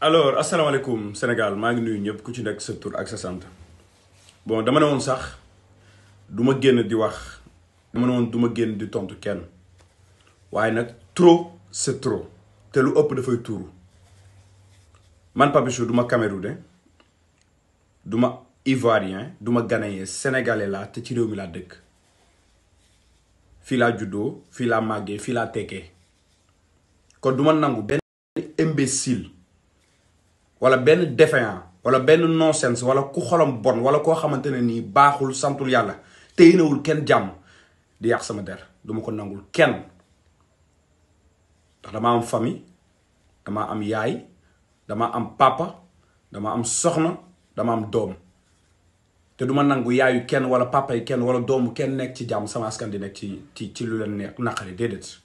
alors asalaamaaleykum Sénégal maa ngi nuyu ñëpp ku ci nekk sa tour ak sa sant bon dama ne woon sax duma génn di wax dama ne woon du génn di tontu kenn waaye nag trop c'est trop te lu ëpp dafay tuuru man Papichou duma ma Camerounais du ma Ivoirien du ma Ghanéen laa te ci réew mi laa dëkk fii laa juddoo fii laa màggee fii laa tekkee kon du ma nangu benn imbécile wala benn defin wala benn nonsense wala ku xolam bon wala koo xamante ne nii baaxul santul yàlla téyinawul kenn jàmm di yàq sama der duma ko nangul kenn ndax dama am famille dama am yaay dama am papa dama am soxna dama am doom te duma nangu yaayu kenn wala papa yi kenn wala doomu kenn nekk ci jàmm sama askan di nekk ci ci ci lu leen neex naqari déedéet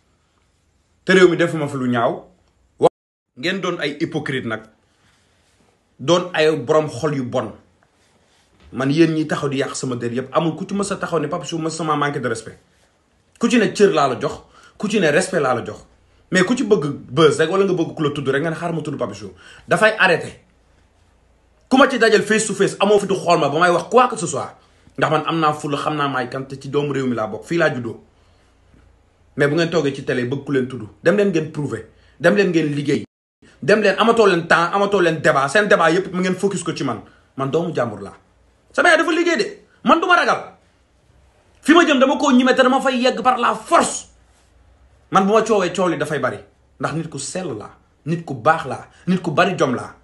te réew mi defuma fi lu ñaaw. ngeen doon ay hypocrite nag. doon ay borom xol yu bon man yéen ñi taxaw di yàq sama der yëpp amul ku ci mës a taxaw ne Pape Chou mës sama manqué de respect ku ci ne cër laa la jox ku ci ne respect laa la jox mais ku ci bëgg buzz rek wala nga bëgg ku la tudd rek nga ne xaar ma tudd Pape Chou dafay arrêté ku ma ci dajal face to face amoo fi du xool ma ba may wax quoi que ce soit ndax man am naa fulla xam naa maay kan ci doomu réew mi laa bokk fii laa juddoo mais bu ngeen toogee ci télé bëgg ku leen tudd dem leen ngeen prouver dem leen ngeen liggéey dem leen amatoo leen temps amatoo leen débat seen débat yépp mu ngeen focus ko ci man man doomu jàmbur laa sama yaay dafa liggéey de man du ma ragal fi ma jëm dama koo ñime te dama fay yegg par la force man bu ma coow li dafay bari ndax nit ku sell laa nit ku baax laa nit ku bari jom laa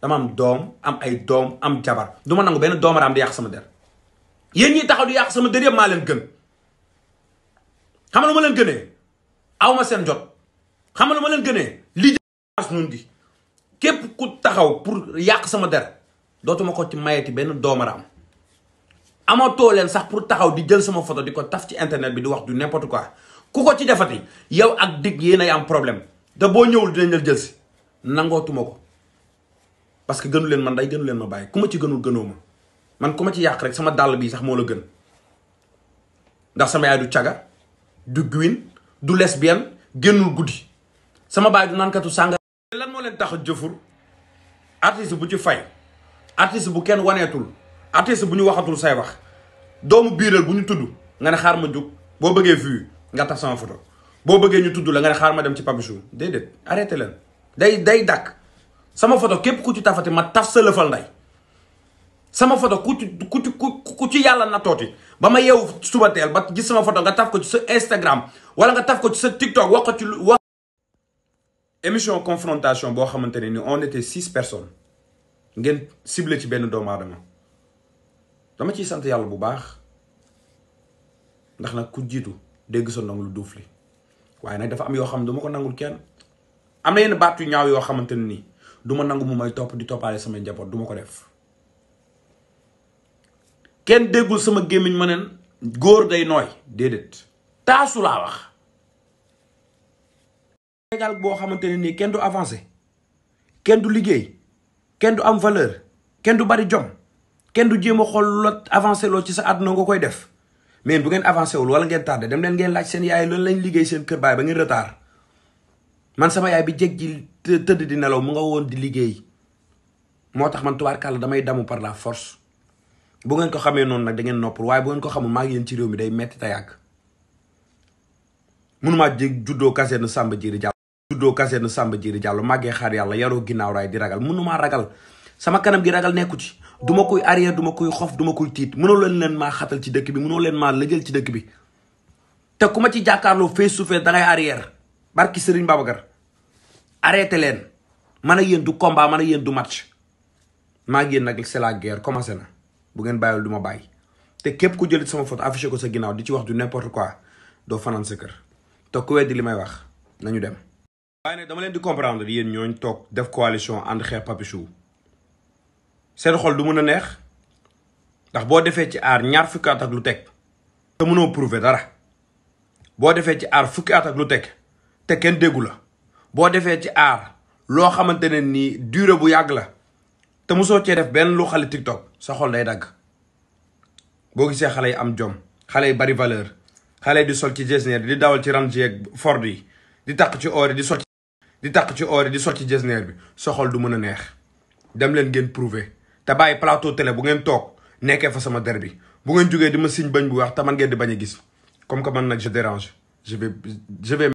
dama am doom am ay doom am jabar duma ma nangu benn doomaraam di yàq sama der yéen ñiy taxaw di yàq sama der yëpp maa leen gën xam nga ma leen gënee aw ma seen jot xam nga lu ma leen gënee li ñun di képp ku taxaw pour yàq sama der dootuma ko ci mayeti benn doomaraam amatoo leen sax pour taxaw di jël sama photo di ko taf ci internet bi du wax du n'importe quoi ku ko ci defati yow ak dikk yéen ay am problème te boo ñëwul dinañ la jël si nangootuma ko parce que gënu leen man day gënu leen ma bàyyi ku ma ci gënul gënoo man ku ma ci yàq rek sama dàll bii sax moo la gën ndax sama yaay du caga du gwin du lesbienne génnul guddi sama baay du naankatu leen tax a jëfur artiste bu ci fay artiste bu kenn waneetul artiste bu ñu waxatul say wax doomu biiral bu ñu tudd nga ne xaar ma jóg boo bëggee fii nga tax sama foto boo bëggee ñu tudd la nga ne xaar ma dem ci Papichou déedéet arrêté leen day day dàkk sama photo képp ku ci tafati ma taf sa lëfal nday sama foto ku ci ku ci ku ci yàlla na ba ma yeewu suba teel ba gis sama photo nga taf ko ci sa Instagram wala nga taf ko ci sa TikTok wax ko ci émission confrontation boo xamante ne ni on était six personnes ngeen ciblé ci benn doomu dama ciy sant yàlla bu baax ndax nag ku jiitu dégg sa ndong lu duuf li waaye nag dafa am yoo xam ne du ko nangul kenn am na yenn baat yu ñaaw yoo xamante ne nii du nangu mu may topp di toppaale samay njaboot duma ko def kenn déggul sama gémmiñ ma neen góor day nooy déedéet taasu laa wax Sénégal boo xamante ne nii kenn du avancé kenn du liggéey kenn du am valeur kenn du bari jom kenn du jéem a xool la avancé loo ci sa àdduna nga koy def mais bu ngeen avancé wul wala ngeen tardé dem ngeen laaj seen yaay loolu lañ liggéey seen kër baay ba ngeen retard man sama yaay bi jeg ji tëdd di nelaw mu nga woon di liggéey moo tax man kàll damay damu par la force bu ngeen ko xamee noonu nag da ngeen noppal waaye bu ngeen ko xamul maa ngi yéen ci réew day metti te yàgg mënumaa juddoo kasee na juddoo kaseenu Samba Diéry Diallo màggee xaar yàlla yaroo ginnaaw raay di ragal mënumaa ragal sama kanam gi ragal nekku ci duma koy arrière duma koy xof duma koy tiit mënoo leen leen maa xatal ci dëkk bi mënoo leen maa lëjal ci dëkk bi te ku ma ci jàkkaarloo face to face dangay arrière barki Serigne Babacar arrêté leen man a yéen du combat man a yéen du match maa ngi yéen nag c'est la guerre commencé na bu ngeen bàyyiwul du ma bàyyi te képp ku jëlit sama photo ko sa ginnaaw di ci wax du n'importe quoi doo sa kër te waaye nag dama leen di comprendre yéen ñooñ toog def coalition ànd xeex Papichou seen xol du mën a neex ndax boo defee ci aar ñaar fukki at ak lu teg te mënoo prouver dara boo defee ci aar fukki at ak lu te kenn déggu la boo defee ci aar loo xamante ne nii durée bu yàgg la te mosoo cee def benn lu xale TikTok sa xol day dagg boo gisee xale yi am jom xale yi bari valeur xale yi di sol ci designer di dawal ci Range ford yi di taq ci or yi di sol di takk ci oor di di ci jesneer bi soxol du mën a neex dem leen ngeen prouver te bàyyi plateau tele bu ngeen toog nekkee fa sama der bi bu ngeen jógee di ma siñ bañ bu wax te man ngeen di bañ a gis comme que man nag je dérange je vais je